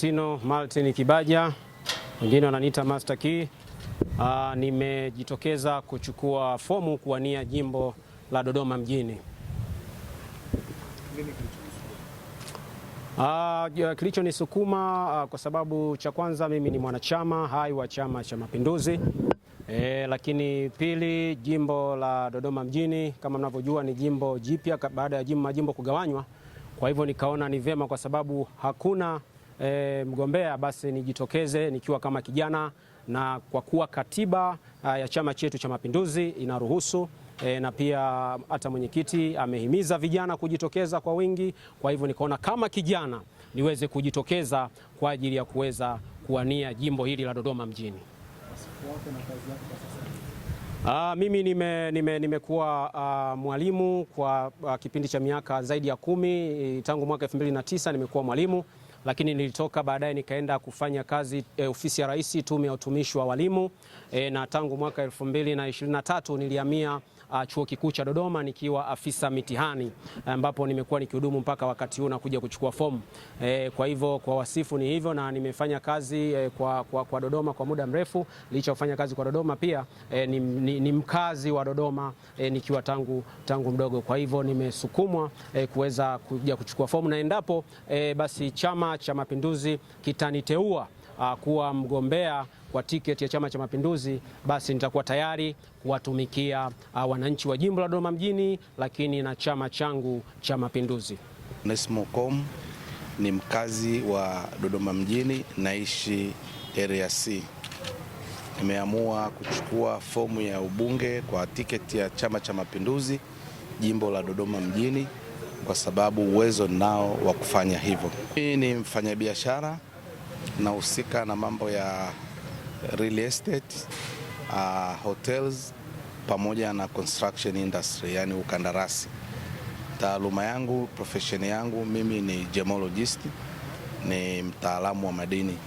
Tino Martin Kibaja, wengine wananiita Master Key. Uh, nimejitokeza kuchukua fomu kuwania jimbo la Dodoma mjini. Uh, ah, nisukuma uh, ah, kwa sababu cha kwanza mimi ni mwanachama hai wa Chama cha Mapinduzi. E, lakini pili, jimbo la Dodoma mjini kama mnavyojua ni jimbo jipya baada ya majimbo kugawanywa. Kwa hivyo nikaona ni vyema kwa sababu hakuna e, mgombea basi nijitokeze nikiwa kama kijana, na kwa kuwa katiba a, ah, ya chama chetu cha Mapinduzi inaruhusu E, na pia hata mwenyekiti amehimiza vijana kujitokeza kwa wingi. Kwa hivyo nikaona kama kijana niweze kujitokeza kwa ajili ya kuweza kuwania jimbo hili la Dodoma mjini. Aa, ah, mimi nimekuwa nime, nime ah, mwalimu kwa a, kipindi cha miaka zaidi ya kumi eh, tangu mwaka 2009 nimekuwa mwalimu lakini nilitoka baadaye nikaenda kufanya kazi e, ofisi ya Rais, tume ya utumishi wa walimu e, na tangu mwaka 2023 nilihamia uh, chuo kikuu cha Dodoma nikiwa afisa mitihani ambapo nimekuwa nikihudumu mpaka wakati huu na kuja kuchukua fomu e, kwa hivyo kwa wasifu ni hivyo, na nimefanya kazi e, kwa, kwa, kwa Dodoma kwa muda mrefu. Licha kufanya kazi kwa Dodoma pia e, ni, ni, ni mkazi wa Dodoma e, nikiwa tangu, tangu mdogo. Kwa hivyo nimesukumwa e, kuweza kuja kuchukua fomu na endapo e, basi Chama cha Mapinduzi kitaniteua uh, kuwa mgombea kwa tiketi ya Chama cha Mapinduzi, basi nitakuwa tayari kuwatumikia uh, wananchi wa jimbo la Dodoma mjini, lakini na chama changu cha Mapinduzi. Onesmo Kom ni mkazi wa Dodoma mjini, naishi area C. Nimeamua kuchukua fomu ya ubunge kwa tiketi ya Chama cha Mapinduzi jimbo la Dodoma mjini kwa sababu uwezo nao wa kufanya hivyo. Mimi ni mfanyabiashara nahusika na mambo ya real estate, uh, hotels pamoja na construction industry, yani ukandarasi. Taaluma yangu profession yangu mimi ni gemologist, ni mtaalamu wa madini.